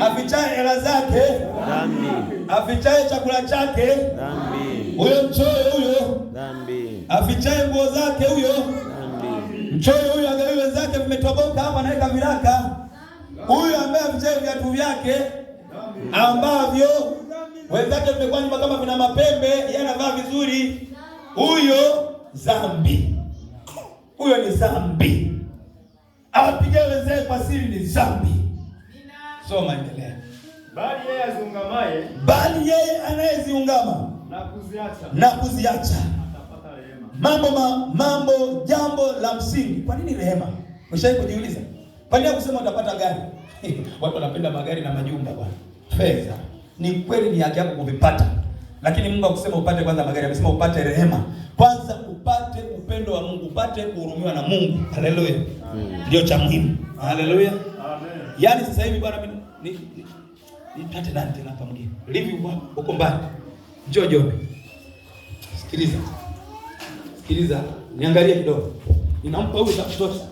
afichaye hela zake dhambi, afichaye chakula chake dhambi, huyo mchoyo huyo dhambi, afichaye nguo zake huyo dhambi. Mchoyo huyo angalia wenzake vimetoboka hapa, anaweka viraka. Huyo ambaye afichaye viatu vyake ambavyo wenzake vimekuwa nyuma kama vina mapembe, yeye anavaa vizuri, huyo dhambi, huyo ni dhambi. Awapigae wenzake kwa siri ni dhambi. Soma, endelea. Bali yeye aziungamaye, bali yeye anayeziungama na kuziacha, na kuziacha atapata rehema. Mambo ma, mambo jambo la msingi. Kwa nini rehema? Umeshawahi kujiuliza? Kwa nini akusema utapata gari? Watu wanapenda magari na majumba bwana. Fedha. Ni kweli ni haki yako kuvipata. Lakini Mungu akusema upate kwanza magari, amesema upate rehema. Kwanza upate upendo wa Mungu, upate kuhurumiwa na Mungu. Haleluya. Ndio cha muhimu. Haleluya. Yaani sasa hivi bwana mimi ni nipate nani tena hapa mgeni. Livi huko mbali. Njoo jione. Sikiliza. Sikiliza. Niangalie kidogo. Ninampa huyu za kutosha.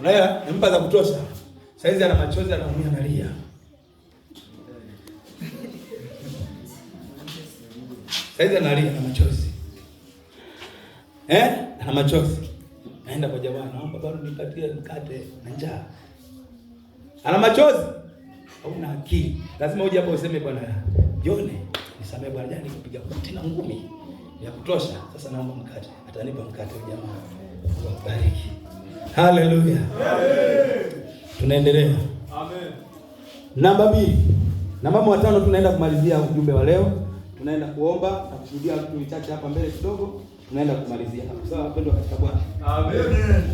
Unaelewa? Nimpa za kutosha. Sasa hizi ana machozi anaumia analia. Sasa hizi analia na machozi. Eh? Ana machozi. Naenda kwa jamaa naomba bado nipatie mkate na njaa ana machozi, hauna akili. Lazima uje hapo useme bwana Jone, nisamee bwana, jana nikupiga kuti na ngumi ya kutosha, sasa naomba mkate. Atanipa mkate jamaa, wabariki. Haleluya, tunaendelea. Amen. Namba mbili na mambo matano, tunaenda kumalizia ujumbe wa leo. Tunaenda kuomba na kushuhudia vitu vichache hapa mbele kidogo, tunaenda kumalizia Sawa wapendwa katika Bwana. Amen.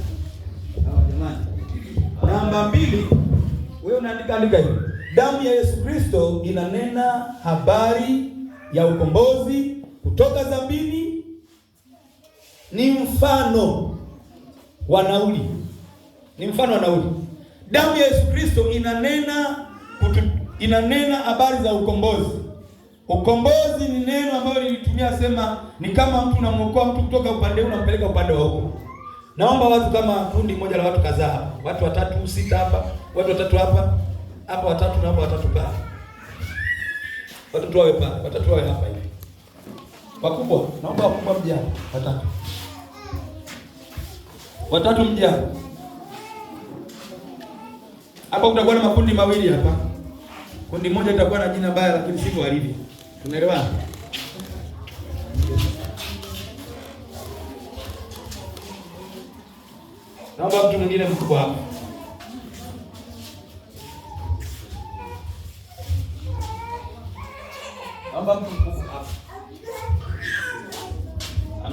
andika hivi, damu ya Yesu Kristo inanena habari ya ukombozi kutoka dhambini, ni mfano wa nauli, ni mfano wa nauli. Damu ya Yesu Kristo inanena kutu, inanena habari za ukombozi. Ukombozi ni neno ambalo lilitumia sema, ni kama mtu unamuokoa mtu kutoka upande huu unampeleka upande wa huko. Naomba watu kama kundi moja la watu kadhaa, watu watatu sita hapa, watu watatu hapa hapa watatu na hapa watatu pa watatu wawe pa watatu wawe hapa hivi. Wakubwa naomba wakubwa mje watatu, watatu mje hapa Kutakuwa na makundi mawili hapa. Kundi moja litakuwa na jina baya, lakini sivyo alivyo. Tunaelewana? Naomba mtu mwingine mkubwa hapa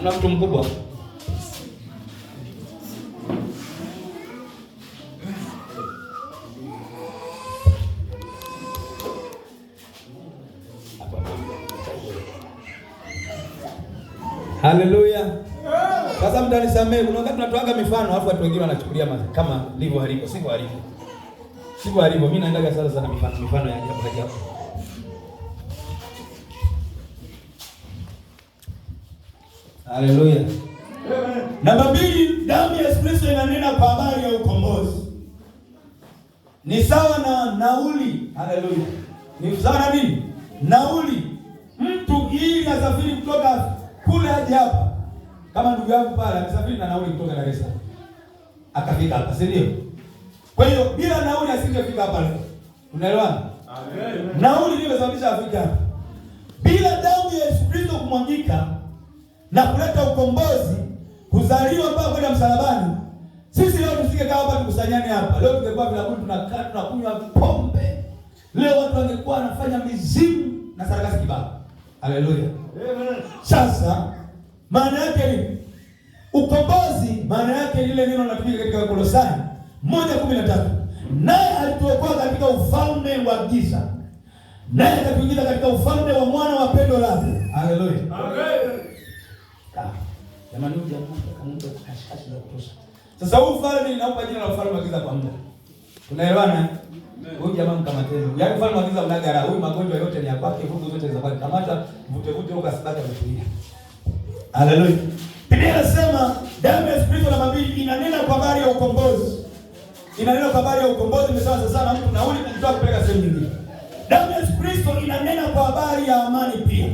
na mtu mkubwa Haleluya. Sasa mtanisamee, kuna wakati tunatoaga mifano alafu watu wengine wanachukulia kama livyo halivyo, sivyo halivyo. Sivyo halivyo. Mimi naendaga sana sana mifano mifano ya ajabu ajabu. Haleluya. Namba mbili, damu ya Yesu Kristo inanena kwa habari ya ukombozi. Ni sawa na nauli. Haleluya. Ni sawa na nini? Nauli. Mtu ili asafiri kutoka kule hadi hapa, kama ndugu yangu pale amesafiri na nauli kutoka Dar es Salaam akafika hapa, si ndio? Kwa hiyo bila nauli asingefika hapa leo. Unaelewana? Amen. Nauli ndio imesababisha afike hapa. Bila damu ya Yesu Kristo kumwagika na kuleta ukombozi, kuzaliwa mpaka kwenda msalabani. Sisi leo tusingekaa hapa tukusanyane hapa leo, tungekuwa vilabuni tunakaa tunakunywa pombe leo, watu wangekuwa wanafanya mizimu na sarakasi kibao. Haleluya! Sasa maana yake ni ukombozi, maana yake lile neno linatumika katika Kolosai moja kumi na tatu naye alituokoa katika ufalme wa giza, naye akatuingiza katika ufalme wa mwana wa pendo lake. Haleluya! amen. Jamani huyu jamaa kamuunda kashikashi za kutosha. Sasa huu mfalme ninampa jina la mfalme wa giza kwa muda. Tunaelewana? Huyu jamaa mkamateni. Yaani mfalme wa giza unagara, huyu magonjwa yote ni ya kwake, vugu zote za kwake. Kamata vute vute huko asipate kutulia. Haleluya. Biblia inasema damu ya Kristo na mabili inanena kwa habari ya ukombozi. Inanena kwa habari ya ukombozi imesema sasa na mtu nauli kumtoa kupeleka sehemu nyingine. Damu ya Kristo inanena kwa habari ya amani pia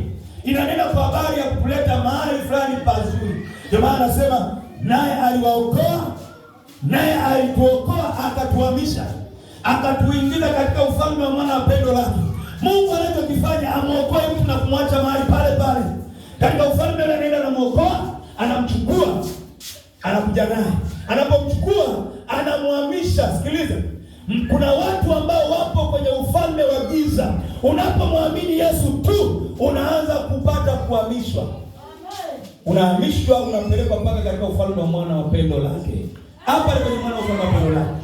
inanena kwa habari ya kuleta mahali fulani pazuri. Ndio maana anasema naye aliwaokoa, naye alituokoa, akatuhamisha, akatuingiza katika ufalme wa mwana wa pendo lake. Mungu anachokifanya amwokoe mtu na kumwacha mahali pale pale katika ufalme, anaenda anamwokoa, anamchukua, anakuja naye, anapomchukua anamhamisha. Sikiliza. Kuna watu ambao wapo kwenye ufalme wa giza. Unapomwamini Yesu tu unaanza kupata kuhamishwa, unahamishwa, unapelekwa mpaka katika ufalme wa mwana wa pendo lake. Hapa ni kwenye mwana wa pendo lake,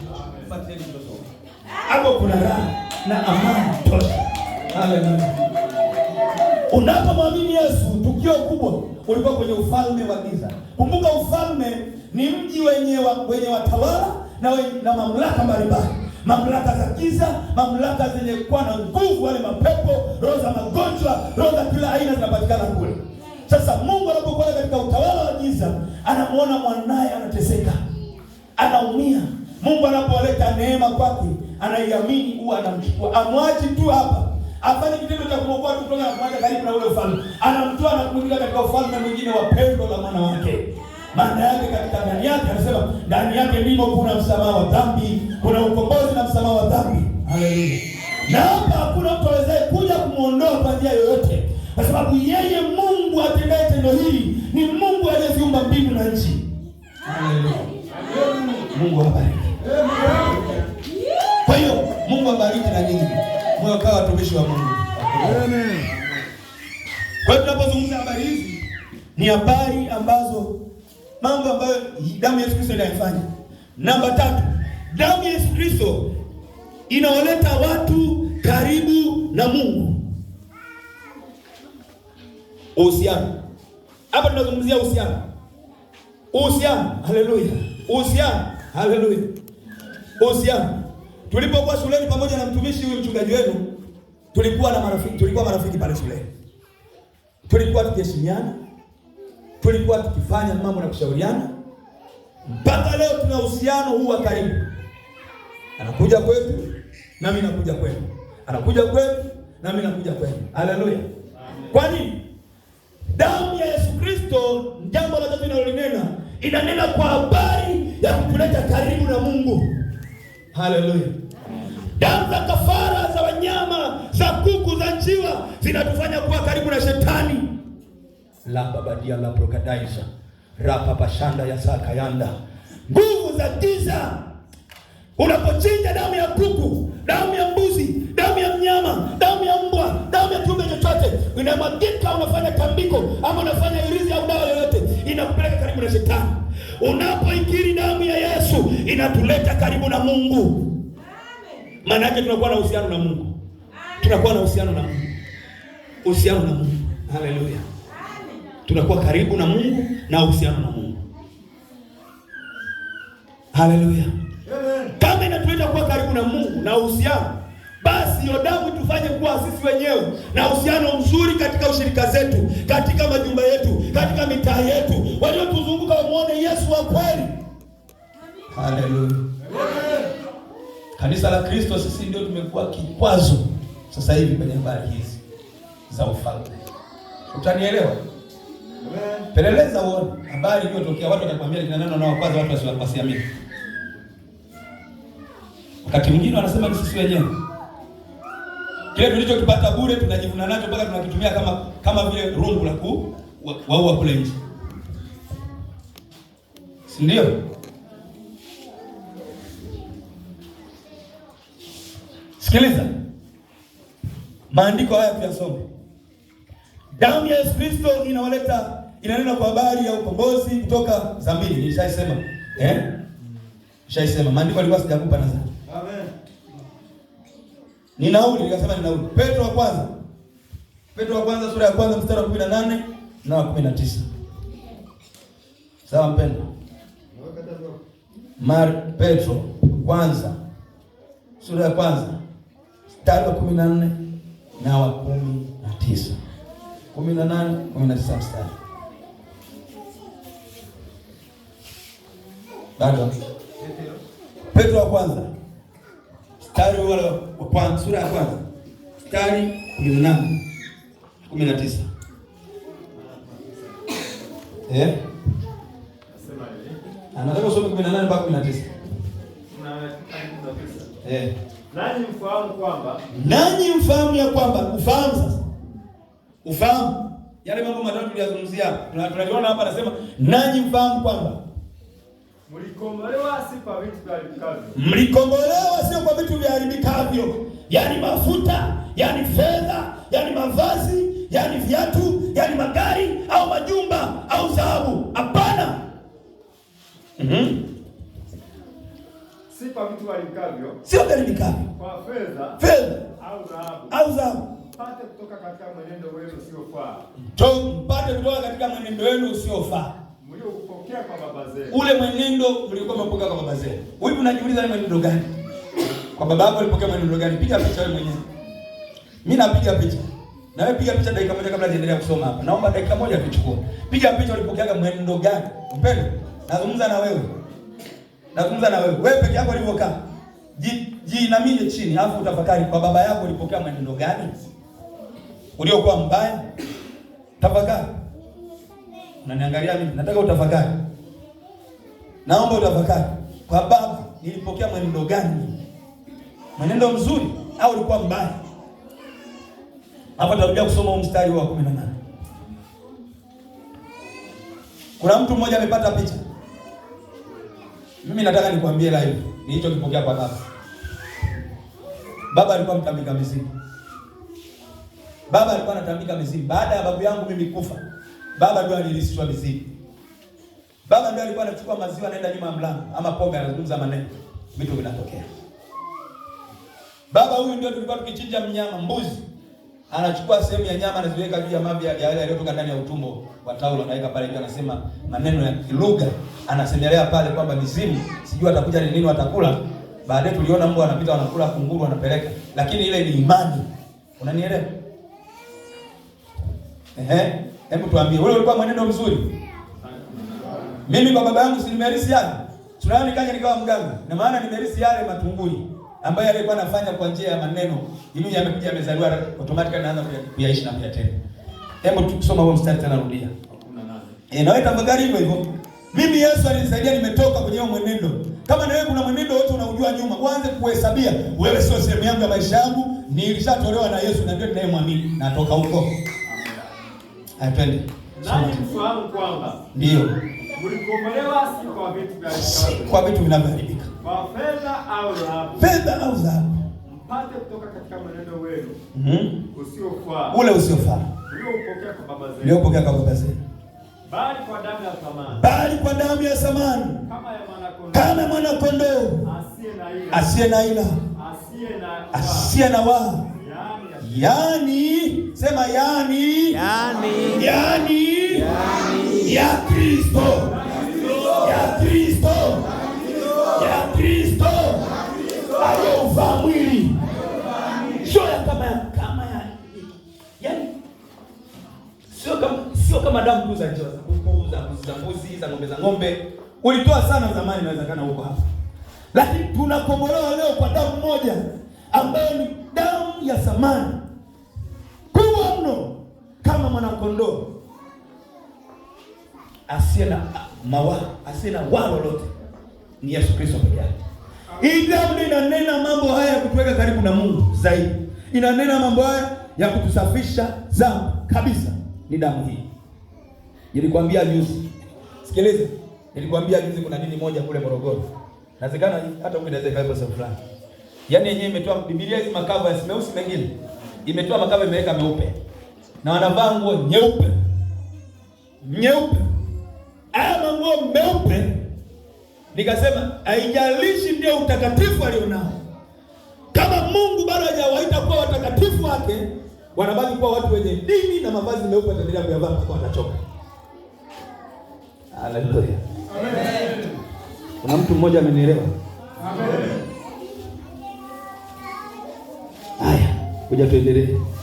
hapo kuna raha na amani tosha. Haleluya! Unapomwamini Yesu, tukio kubwa, ulikuwa kwenye ufalme wa giza. Kumbuka ufalme ni mji wenye, wa, wenye watawala na, na mamlaka mbalimbali mamlaka za giza, mamlaka zenye kuwa na nguvu, wale mapepo, roho za magonjwa, roho za kila aina zinapatikana kule. Sasa Mungu anapokuwa katika utawala wa giza, anamwona mwanaye anateseka, anaumia. Mungu anapoleta neema kwake, anaiamini, huwa anamchukua, amwachi tu hapa afanye kitendo cha kumwokoa tu kutoka na karibu na ule ufalme, anamtoa na katika ufalme mwingine wa pendo la mwana wake. Maana yake katika ndani yake, anasema ndani yake ndimo kuna msamaha wa dhambi kuna ukombozi na msamaha wa dhambi. Haleluya! Na hapa hakuna mtu awezaye kuja kumwondoa kwa njia yoyote, kwa sababu yeye Mungu atendaye tendo hili ni Mungu aliyeziumba mbingu na nchi. Haleluya! Mungu awabariki. Kwa hiyo Mungu awabariki na nyinyi mwe kama watumishi wa Mungu. Amen. Kwa hiyo tunapozungumza habari hizi ni habari ambazo mambo ambayo damu ya Yesu Kristo iliyafanya. Namba tatu Damu ya Yesu Kristo inaoleta watu karibu na Mungu. Uhusiano hapa tunazungumzia uhusiano, uhusiano. Haleluya, uhusiano. Haleluya, uhusiano. Tulipokuwa shuleni pamoja na mtumishi huyu mchungaji wenu, tulikuwa na marafiki, tulikuwa marafiki pale shuleni, tulikuwa tukiheshimiana, tulikuwa tukifanya mambo na kushauriana. Mpaka leo tuna uhusiano huu wa karibu. Anakuja kwetu nami nakuja kwetu, anakuja kwetu nami nakuja kwetu. Haleluya! Kwa nini? Damu ya Yesu Kristo, jambo la tatu linalonena, inanena kwa habari ya kutuleta karibu na Mungu. Haleluya! Damu za kafara za wanyama, za kuku, za njiwa zinatufanya kuwa karibu na shetani. lababadia rapa pashanda ya yanda nguvu za giza Unapochinja damu ya kuku, damu ya mbuzi, damu ya mnyama, damu ya mbwa, damu ya kiumbe chochote inamwagika, unafanya tambiko ama unafanya irizi au dawa yoyote, inakupeleka karibu na shetani. Unapoikiri damu ya Yesu inatuleta karibu na Mungu. Maana yake tunakuwa na uhusiano na Mungu, tunakuwa na uhusiano na Mungu, uhusiano na Mungu. Haleluya, tunakuwa karibu na Mungu na uhusiano na Mungu. Haleluya. Kama inatuleta kuwa karibu na Mungu na uhusiano, basi hiyo damu tufanye kuwa sisi wenyewe na uhusiano mzuri katika ushirika zetu, katika majumba yetu, katika mitaa yetu, waliotuzunguka wamwone Yesu wa kweli. Haleluya! Kanisa la Kristo, sisi ndio tumekuwa kikwazo sasa hivi kwenye habari hizi za ufalme. Utanielewa? Peleleza uone habari iliyotokea, watu watakwambia kina nani wanaokwaza watu wasiamini. Wakati mwingine wanasema ni sisi wenyewe. Kile tulichokipata bure tunajivuna nacho mpaka tunakitumia kama kama vile rungu la kuwaua kule nje. Si ndio? Sikiliza. Maandiko haya tuyasome. Damu ya Yesu Kristo inawaleta inanena kwa habari ya ukombozi kutoka dhambi. Nishaisema. Eh? Nishaisema. Maandiko alikuwa sijakupa nadhani. Ni nauli, nikasema ni nauli. Petro wa kwanza. Petro wa kwanza sura ya kwanza mstari wa 18 na wa 19. Sawa mpendwa. Mar Petro kwanza sura ya kwanza mstari wa 14 na wa 19. 18, 19 mstari. Bado. Petro wa kwanza mstari wa kwanza, sura ya kwanza mstari kumi na nane kumi na tisa eh? Anataka usome kumi na nane mpaka kumi na tisa eh. Nanyi mfahamu kwamba nani mfahamu ya kwamba ufahamu sasa, ufahamu yale mambo matatu tuliyazungumzia, tunaliona hapa, anasema nani mfahamu kwamba Mlikombolewa si kwa vitu viharibikavyo. Mlikombolewa sio kwa vitu viharibikavyo, yaani mafuta, yaani fedha, yaani mavazi, yaani viatu, yaani magari au majumba au dhahabu. Hapana. mm -hmm. sio viharibikavyo, fedha, au dhahabu, au dhahabu, mpate kutoka katika mwenendo wenu usiofaa, mpate kutoka katika mwenendo wenu usiofaa mlipokea kwa baba zenu. Ule mwenendo mliokuwa mpokea kwa baba zenu. Wewe unajiuliza ni mwenendo gani? Kwa baba yako ulipokea mwenendo gani? Piga picha wewe mwenyewe. Mimi napiga picha. Na wewe piga picha dakika moja kabla niendelee kusoma hapa. Naomba dakika moja kuchukua. Piga picha ulipokeaga mwenendo gani? Mpendo, nazungumza na wewe. Nazungumza na wewe. Wewe peke yako ulivyokaa. mimi chini alafu utafakari kwa baba yako ulipokea mwenendo gani? Uliokuwa mbaya? Tafakari unaniangalia mimi, nataka utafakari, naomba utafakari. Kwa Baba nilipokea mwenendo gani? Mwenendo mzuri au ulikuwa mbaya? Hapa tarudia kusoma mstari wa 18. Kuna mtu mmoja amepata picha. Mimi nataka nikwambie live kipokea kwa Baba. Baba alikuwa mtambika mizimu. Baba alikuwa anatambika mizimu baada ya babu yangu mimi kufa. Baba ndio alilishwa mizigo. Baba ndio alikuwa anachukua maziwa anaenda nyuma ya mlango ama pombe anazungumza maneno. Vitu vinatokea. Baba huyu ndio tulikuwa tukichinja mnyama mbuzi. Anachukua sehemu ya nyama anaziweka juu ya mavi ya yale yaliyotoka ndani ya utumbo wa taulo anaweka pale juu anasema maneno ya kilugha. Anasemelea pale kwamba mizimu sijui atakuja ni nini watakula. Baadaye tuliona mbwa anapita wanakula kunguru wanapeleka. Lakini ile ni imani. Unanielewa? Ehe. Hebu tuambie, wewe ulikuwa mwenendo mzuri? Mimi kwa baba yangu si nimerisi yale. Tunaona nikaja nikawa mganga. Na maana nimerisi yale matunguli ambayo alikuwa anafanya kwa njia ya maneno. Ili yamekuja yamezaliwa automatically naanza kuyaishi na kuyatenda. Hebu tukisoma huo mstari tena rudia. Eh, na wewe tafakari hivyo hivyo. Mimi Yesu alinisaidia nimetoka kwenye huo mwenendo. Kama na wewe kuna mwenendo wote unaujua nyuma, uanze kuhesabia wewe sio sehemu yangu ya maisha yangu, nilishatolewa na Yesu na ndio ninayemwamini. Natoka huko. Hayapendi. Nani mfahamu kwamba ndio mlikombolewa si kwa vitu vya kwa vitu vinavyoharibika, kwa fedha au dhahabu, fedha au dhahabu, mpate kutoka katika mwenendo wenu mm usiofaa, ule usiofaa upokea kwa baba zenu, upokea kwa baba zenu, bali kwa damu ya thamani, bali kwa damu ya thamani kama ya mwanakondoo, kama mwanakondoo asiye na ila, asiye na ila, asiye na Asiye na waa yani, sema yani, yani, yani, yani ya Kristo ya Kristo ya Kristo aliyovaa mwili sio kama ya yani, sio kama sio kama damu za njia za kuku za mbuzi za mbuzi za ng'ombe za ng'ombe ulitoa sana zamani, inawezekana huko hapa, lakini tunakombolewa leo kwa damu moja ambayo ni damu ya samani mkubwa mno kama mwanakondoo asiye na ah, mawa asiye na wa lolote ni Yesu Kristo peke yake. Hii Biblia inanena mambo haya ya kutuweka karibu na Mungu zaidi, inanena mambo haya ya kutusafisha dhambi kabisa, ni damu hii. Nilikwambia juzi, sikiliza, nilikwambia juzi kuna dini moja kule Morogoro, nawezekana hata huko inaweza ikawepo sehemu fulani, yaani yenyewe imetoa Biblia hizi makavu ya meusi mengine imetoa makaba imeweka meupe na wanavaa nguo nyeupe nyeupe, ama manguo meupe. Nikasema haijalishi ndio utakatifu alionao, kama Mungu bado hajawaita kuwa watakatifu wake, wanabaki kuwa watu wenye dini na mavazi meupe, endelea kuyavaa mpaka watachoka. Haleluya, amen. Kuna mtu mmoja amenielewa? Amen. Haya. Ngoja tuendelee.